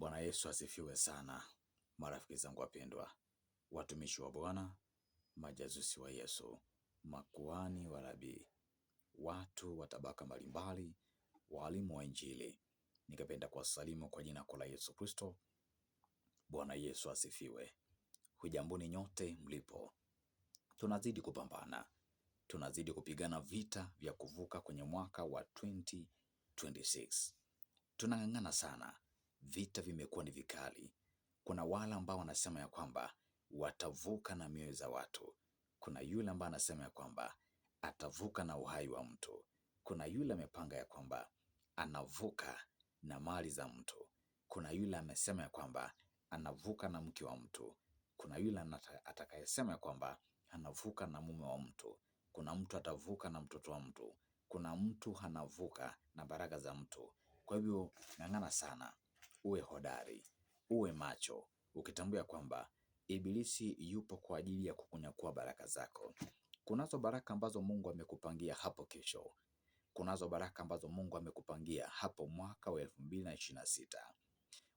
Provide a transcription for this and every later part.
Bwana Yesu asifiwe sana, marafiki zangu wapendwa, watumishi wa Bwana, majazusi wa Yesu, makuani wa Rabii, watu wa tabaka mbalimbali, waalimu wa Injili, nikapenda kuwasalimu kwa jina kuu la Yesu Kristo. Bwana Yesu asifiwe. Hujamboni nyote mlipo, tunazidi kupambana, tunazidi kupigana vita vya kuvuka kwenye mwaka wa 2026 tunang'ang'ana sana vita vimekuwa ni vikali. Kuna wale ambao wanasema ya kwamba watavuka na mioyo za watu. Kuna yule ambaye anasema ya kwamba atavuka na uhai wa mtu. Kuna yule amepanga ya kwamba anavuka na mali za mtu. Kuna yule amesema ya kwamba anavuka na mke wa mtu. Kuna yule atakayesema ya kwamba anavuka na mume wa mtu. Kuna mtu atavuka na mtoto wa mtu. Kuna mtu anavuka na baraka za mtu. Kwa hivyo ng'ang'ana sana uwe hodari, uwe macho, ukitambua kwamba Ibilisi yupo kwa ajili ya kukunyakua baraka zako. Kunazo baraka ambazo Mungu amekupangia hapo kesho. Kunazo baraka ambazo Mungu amekupangia hapo mwaka wa elfu mbili na ishirini na sita.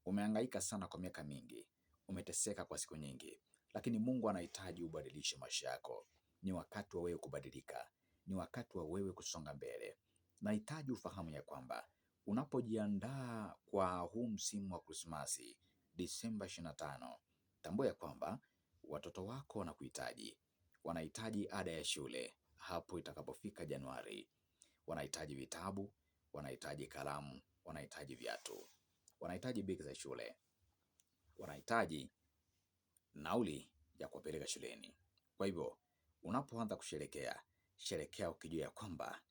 Umehangaika sana kwa miaka mingi, umeteseka kwa siku nyingi, lakini Mungu anahitaji ubadilishe maisha yako. Ni wakati wa wewe kubadilika, ni wakati wa wewe kusonga mbele. Nahitaji ufahamu ya kwamba Unapojiandaa kwa huu msimu wa Krismasi Disemba 25, tambua ya kwamba watoto wako wanakuhitaji, wanahitaji ada ya shule hapo itakapofika Januari, wanahitaji vitabu, wanahitaji kalamu, wanahitaji viatu, wanahitaji begi za shule, wanahitaji nauli ya kuwapeleka shuleni. Kwa hivyo unapoanza kusherekea, sherekea ukijua ya kwamba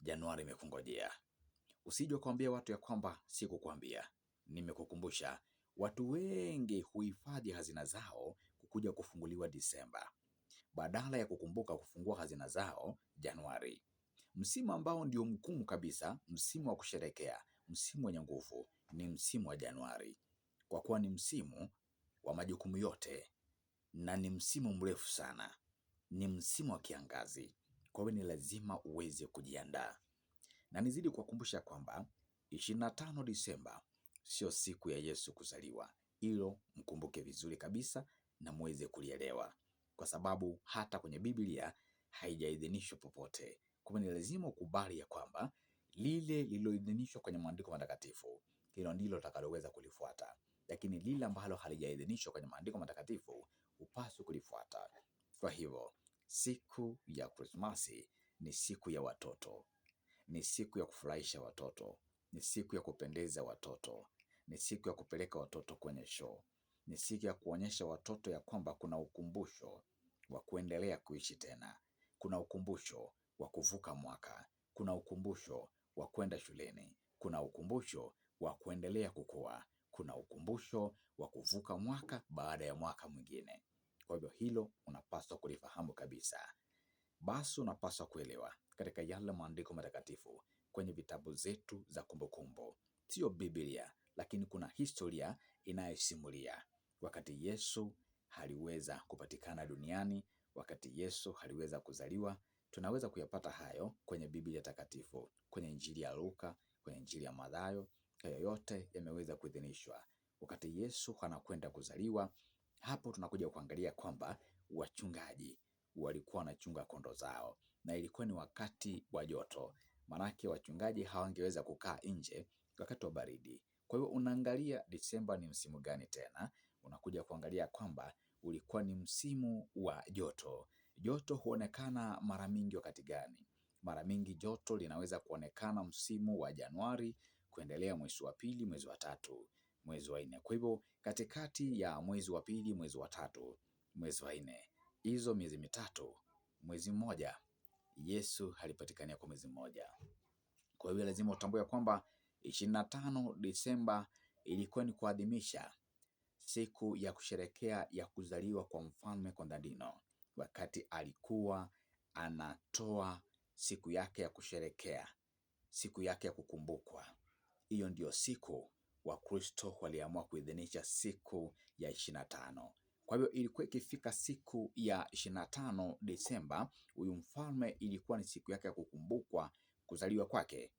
Januari imekungojea. Usije kuambia watu ya kwamba sikukwambia. Nimekukumbusha. Watu wengi huhifadhi hazina zao kukuja kufunguliwa Disemba badala ya kukumbuka kufungua hazina zao Januari, msimu ambao ndio mgumu kabisa, msimu wa kusherekea, msimu wenye nguvu ni msimu wa Januari, kwa kuwa ni msimu wa majukumu yote na ni msimu mrefu sana, ni msimu wa kiangazi. Kwa hiyo ni lazima uweze kujiandaa na nizidi kuwakumbusha kwamba 25 Disemba sio siku ya Yesu kuzaliwa. Hilo mkumbuke vizuri kabisa na muweze kulielewa, kwa sababu hata kwenye Biblia haijaidhinishwa popote. Kwa ni lazima ukubali ya kwamba lile lililoidhinishwa kwenye maandiko matakatifu hilo ndilo utakaloweza kulifuata, lakini lile ambalo halijaidhinishwa kwenye maandiko matakatifu hupaswi kulifuata. Kwa hivyo siku ya Krismasi ni siku ya watoto ni siku ya kufurahisha watoto, ni siku ya kupendeza watoto, ni siku ya kupeleka watoto kwenye show, ni siku ya kuonyesha watoto ya kwamba kuna ukumbusho wa kuendelea kuishi tena, kuna ukumbusho wa kuvuka mwaka, kuna ukumbusho wa kwenda shuleni, kuna ukumbusho wa kuendelea kukua, kuna ukumbusho wa kuvuka mwaka baada ya mwaka mwingine. Kwa hivyo hilo unapaswa kulifahamu kabisa basi unapaswa kuelewa katika yale maandiko matakatifu kwenye vitabu zetu za kumbukumbu, sio Biblia, lakini kuna historia inayosimulia wakati Yesu haliweza kupatikana duniani, wakati Yesu haliweza kuzaliwa. Tunaweza kuyapata hayo kwenye Biblia takatifu, kwenye Injili ya Luka, kwenye Injili ya Mathayo. Hayo yote yameweza kuidhinishwa wakati Yesu anakwenda kuzaliwa. Hapo tunakuja kuangalia kwamba wachungaji walikuwa wanachunga kondo zao, na ilikuwa ni wakati wa joto, maanake wachungaji hawangeweza kukaa nje wakati wa baridi. Kwa hiyo unaangalia Disemba ni msimu gani tena, unakuja kuangalia kwamba ulikuwa ni msimu wa joto. Joto huonekana mara mingi wakati gani? Mara mingi joto linaweza kuonekana msimu wa Januari kuendelea mwezi wa pili, mwezi wa tatu, mwezi wa nne. Kwa hivyo katikati ya mwezi wa pili, mwezi wa tatu, mwezi wa nne hizo miezi mitatu, mwezi mmoja Yesu alipatikania kwa mwezi mmoja. Kwa hiyo lazima utambue ya kwamba ishirini na tano Disemba ilikuwa ni kuadhimisha siku ya kusherekea ya kuzaliwa kwa mfalme Konstantino, wakati alikuwa anatoa siku yake ya kusherekea, siku yake ya kukumbukwa. Hiyo ndiyo siku Wakristo waliamua kuidhinisha siku ya ishirini na tano. Kwa hivyo ilikuwa ikifika siku ya ishirini na tano Desemba, huyu mfalme ilikuwa ni siku yake ya kukumbukwa kuzaliwa kwake,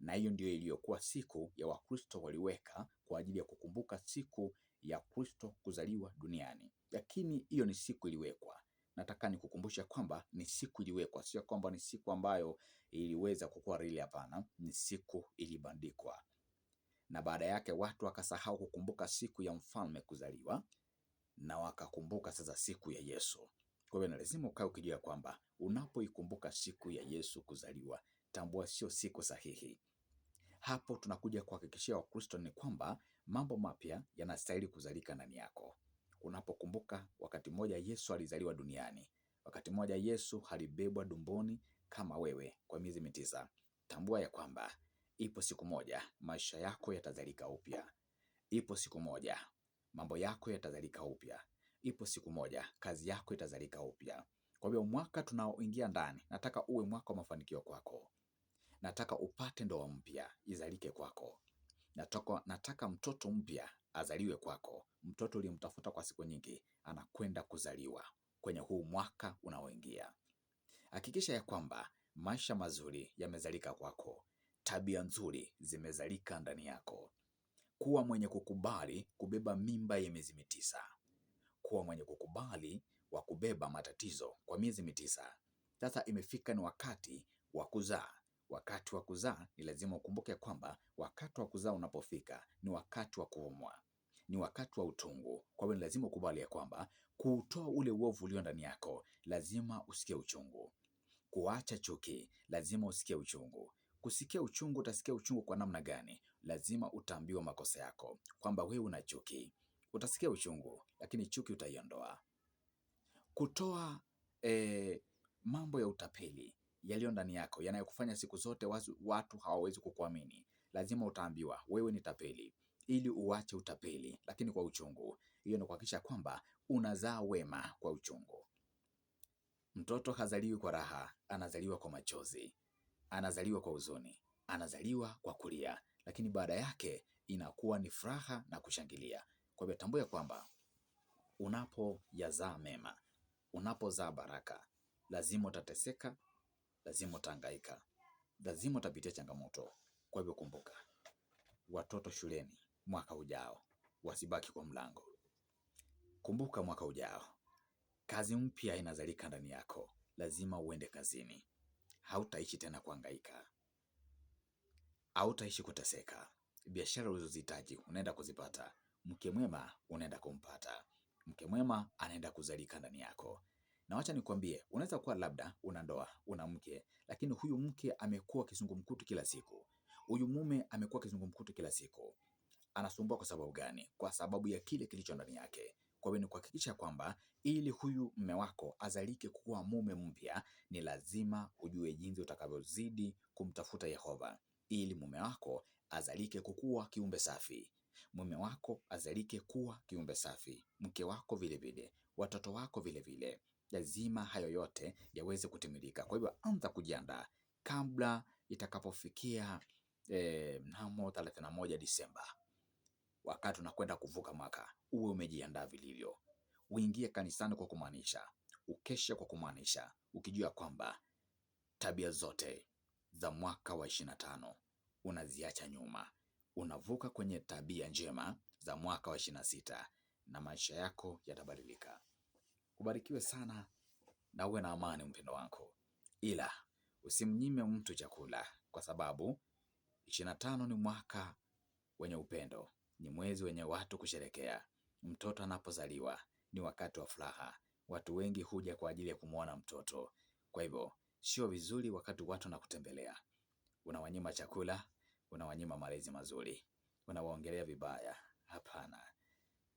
na hiyo ndiyo iliyokuwa siku ya Wakristo waliweka kwa ajili ya kukumbuka siku ya Kristo kuzaliwa duniani. Lakini hiyo ni siku iliwekwa, nataka nikukumbusha kwamba ni siku iliwekwa, sio kwamba ni siku ambayo iliweza kukua rili. Hapana, ni siku ilibandikwa, na baada yake watu wakasahau kukumbuka siku ya mfalme kuzaliwa, na wakakumbuka sasa siku ya Yesu. Kwa hiyo, lazima ukae ukijua kwamba unapoikumbuka siku ya Yesu kuzaliwa, tambua sio siku sahihi. Hapo tunakuja kuhakikishia Wakristo ni kwamba mambo mapya yanastahili kuzalika ndani yako. Unapokumbuka wakati mmoja Yesu alizaliwa duniani, wakati mmoja Yesu alibebwa dumboni kama wewe kwa miezi mitisa, tambua ya kwamba ipo siku moja maisha yako yatazalika upya. Ipo siku moja mambo yako yatazalika upya. Ipo siku moja kazi yako itazalika upya. Kwa hiyo mwaka tunaoingia ndani, nataka uwe mwaka wa mafanikio kwako. Nataka upate ndoa mpya izalike kwako. Nataka, nataka mtoto mpya azaliwe kwako. Mtoto uliyemtafuta kwa siku nyingi anakwenda kuzaliwa kwenye huu mwaka unaoingia. Hakikisha ya kwamba maisha mazuri yamezalika kwako, tabia nzuri zimezalika ndani yako kuwa mwenye kukubali kubeba mimba ya miezi mitisa, kuwa mwenye kukubali wa kubeba matatizo kwa miezi mitisa. Sasa imefika ni wakati wa kuzaa. Wakati wa kuzaa ni lazima ukumbuke kwamba wakati wa kuzaa unapofika ni wakati wa kuumwa, ni wakati wa utungu. Kwa hiyo ni lazima ukubali ya kwamba kuutoa ule uovu ulio ndani yako lazima usikie uchungu. Kuacha chuki lazima usikie uchungu. Kusikia uchungu, utasikia uchungu kwa namna gani? lazima utaambiwa makosa yako, kwamba wewe una chuki. Utasikia uchungu, lakini chuki utaiondoa. Kutoa eh, mambo ya utapeli yaliyo ndani yako yanayokufanya siku zote watu, watu hawawezi kukuamini. Lazima utaambiwa wewe ni tapeli, ili uache utapeli, lakini kwa uchungu. Hiyo ni kuhakikisha kwamba unazaa wema kwa uchungu. Mtoto hazaliwi kwa raha, anazaliwa kwa machozi, anazaliwa kwa huzuni, anazaliwa kwa kulia lakini baada yake inakuwa ni furaha na kushangilia. Kwa hivyo tambua kwamba unapoyazaa mema, unapozaa baraka, lazima utateseka, lazima utahangaika, lazima utapitia changamoto. Kwa hivyo kumbuka, watoto shuleni mwaka ujao wasibaki kwa mlango. Kumbuka mwaka ujao kazi mpya inazalika ndani yako, lazima uende kazini. Hautaishi tena kuhangaika hautaishi kuteseka. Biashara ulizozihitaji unaenda kuzipata. Mke mwema unaenda kumpata. Mke mwema anaenda kuzalika ndani yako. Na wacha nikwambie, unaweza kuwa labda una ndoa, una mke, lakini huyu mke amekuwa kizungumkutu kila siku. Huyu mume amekuwa kizungumkutu kila siku. Anasumbua kwa sababu gani? Kwa sababu ya kile kilicho ndani yake. Kwa hiyo ni kuhakikisha kwamba ili huyu mme wako azalike kuwa mume mpya, ni lazima ujue jinsi utakavyozidi kumtafuta Yehova ili mume wako azalike kukuwa kiumbe safi, mume wako azalike kuwa kiumbe safi, mke wako vilevile, watoto wako vilevile. Lazima hayo yote yaweze kutimilika. Kwa hivyo anza kujiandaa kabla itakapofikia eh, mnamo 31 Disemba, wakati unakwenda kuvuka mwaka, uwe umejiandaa vilivyo. Uingie kanisani kwa kumaanisha, ukeshe kwa kumaanisha, ukijua kwamba tabia zote za mwaka wa tano unaziacha nyuma, unavuka kwenye tabia njema za mwaka wa ishirini na sita na maisha yako yatabadilika. Ubarikiwe sana na uwe na amani, mpendo wako, ila usimnyime mtu chakula, kwa sababu ishirini na tano ni mwaka wenye upendo, ni mwezi wenye watu kusherekea. Mtoto anapozaliwa ni wakati wa furaha, watu wengi huja kwa ajili ya kumwona mtoto. Kwa hivyo sio vizuri wakati watu wanakutembelea unawanyima chakula, unawanyima malezi mazuri, unawaongelea vibaya. Hapana,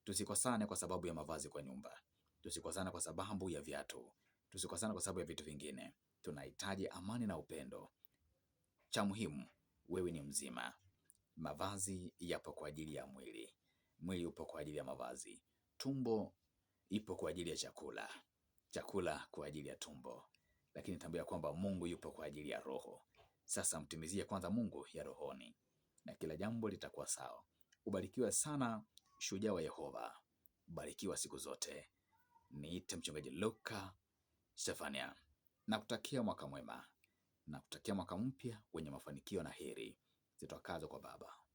tusikosane kwa sababu ya mavazi kwa nyumba, tusikosane kwa sababu ya viatu, tusikosane kwa sababu ya vitu vingine. Tunahitaji amani na upendo. Cha muhimu, wewe ni mzima. Mavazi yapo kwa ajili ya mwili, mwili upo kwa ajili ya mavazi, tumbo ipo kwa ajili ya chakula, chakula kwa ajili ya tumbo. Lakini tambua kwamba Mungu yupo kwa ajili ya roho. Sasa mtumizie kwanza Mungu ya rohoni na kila jambo litakuwa sawa. Ubarikiwe sana shujaa wa Yehova, barikiwa siku zote. Niite mchungaji Luka Stefania, nakutakia mwaka mwema, nakutakia mwaka mpya wenye mafanikio na heri zitwakazo kwa Baba.